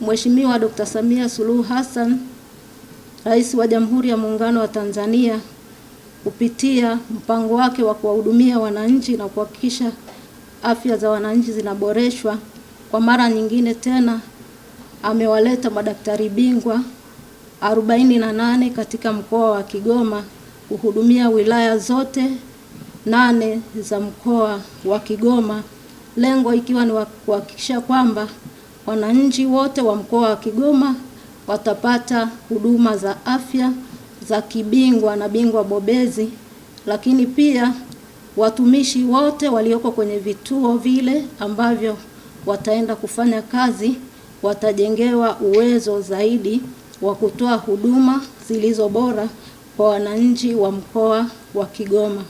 Mheshimiwa Dr. Samia Suluhu Hassan, Rais wa Jamhuri ya Muungano wa Tanzania, kupitia mpango wake wa kuwahudumia wananchi na kuhakikisha afya za wananchi zinaboreshwa, kwa mara nyingine tena amewaleta madaktari bingwa 48 katika mkoa wa Kigoma kuhudumia wilaya zote nane za mkoa wa Kigoma, lengo ikiwa ni kuhakikisha kwamba wananchi wote wa mkoa wa Kigoma watapata huduma za afya za kibingwa na bingwa bobezi, lakini pia watumishi wote walioko kwenye vituo vile ambavyo wataenda kufanya kazi watajengewa uwezo zaidi wa kutoa huduma zilizo bora kwa wananchi wa mkoa wa Kigoma.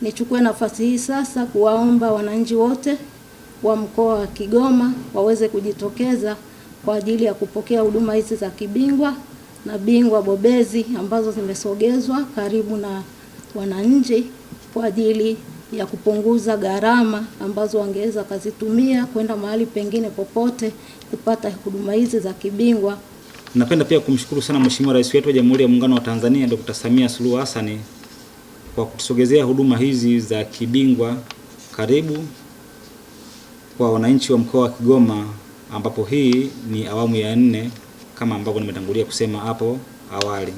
Nichukue nafasi hii sasa kuwaomba wananchi wote wa mkoa wa Kigoma waweze kujitokeza kwa ajili ya kupokea huduma hizi za kibingwa na bingwa bobezi ambazo zimesogezwa karibu na wananchi kwa ajili ya kupunguza gharama ambazo wangeweza kazitumia kwenda mahali pengine popote kupata huduma hizi za kibingwa. Napenda pia kumshukuru sana Mheshimiwa Rais wetu wa Jamhuri ya Muungano wa Tanzania Dr. Samia Suluhu Hassan kwa kutusogezea huduma hizi za kibingwa karibu kwa wananchi wa mkoa wa Kigoma, ambapo hii ni awamu ya nne kama ambavyo nimetangulia kusema hapo awali.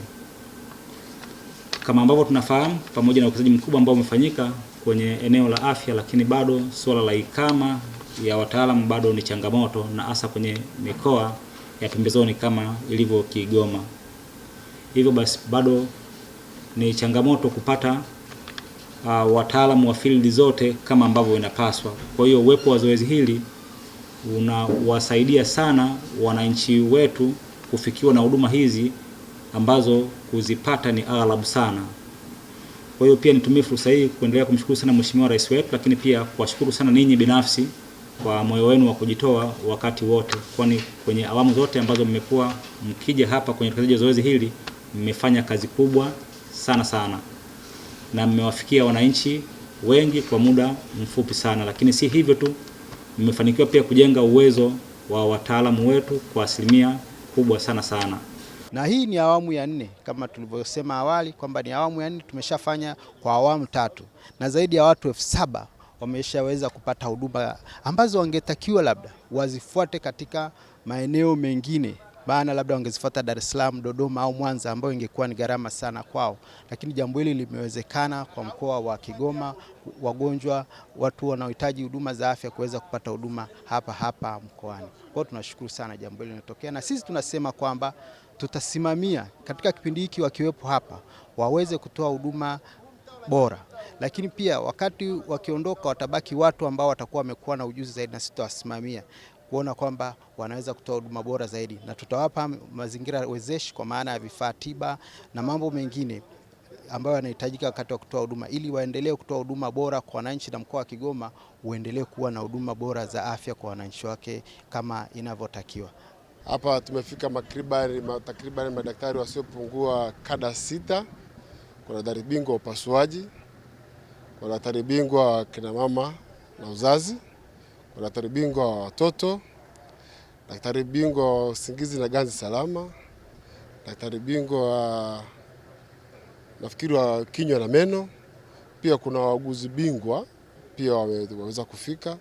Kama ambavyo tunafahamu, pamoja na uwekezaji mkubwa ambao umefanyika kwenye eneo la afya, lakini bado suala la ikama ya wataalamu bado ni changamoto, na hasa kwenye mikoa ya pembezoni kama ilivyo Kigoma. Hivyo basi bado ni changamoto kupata uh, wataalamu wa field zote kama ambavyo inapaswa. Kwa hiyo uwepo wa zoezi hili unawasaidia sana wananchi wetu kufikiwa na huduma hizi ambazo kuzipata ni aghalabu sana. Kwa hiyo pia nitumie fursa hii kuendelea kumshukuru sana Mheshimiwa Rais wetu, lakini pia kuwashukuru sana ninyi binafsi kwa moyo wenu wa kujitoa wakati wote, kwani kwenye awamu zote ambazo mmekuwa mkija hapa kwenye utekelezaji wa zoezi hili mmefanya kazi kubwa sana sana na mmewafikia wananchi wengi kwa muda mfupi sana. Lakini si hivyo tu, mmefanikiwa pia kujenga uwezo wa wataalamu wetu kwa asilimia kubwa sana sana, na hii ni awamu ya nne kama tulivyosema awali kwamba ni awamu ya nne. Tumeshafanya kwa awamu tatu na zaidi ya watu elfu saba wameshaweza kupata huduma ambazo wangetakiwa labda wazifuate katika maeneo mengine bana, labda wangezifuata Dar es Salaam, Dodoma au Mwanza, ambayo ingekuwa ni gharama sana kwao, lakini jambo hili limewezekana kwa mkoa wa Kigoma, wagonjwa, watu wanaohitaji huduma za afya kuweza kupata huduma hapa hapa mkoani. Kwa tunashukuru sana jambo hili linatokea, na sisi tunasema kwamba tutasimamia katika kipindi hiki wakiwepo hapa waweze kutoa huduma bora lakini pia wakati wakiondoka watabaki watu ambao watakuwa wamekuwa na ujuzi zaidi, na sisi tutawasimamia kuona kwamba wanaweza kutoa huduma bora zaidi, na tutawapa mazingira wezeshi kwa maana ya vifaa tiba na mambo mengine ambayo yanahitajika wakati wa kutoa huduma ili waendelee kutoa huduma bora kwa wananchi, na mkoa wa Kigoma uendelee kuwa na huduma bora za afya kwa wananchi wake kama inavyotakiwa. Hapa tumefika takribani madaktari wasiopungua kada sita. Kuna daktari bingwa wa upasuaji, kuna daktari bingwa wa mama na uzazi Daktari bingwa wa watoto, daktari bingwa wa usingizi na ganzi salama, daktari bingwa wa nafikiri wa kinywa na meno. Pia kuna wauguzi bingwa pia wameweza kufika.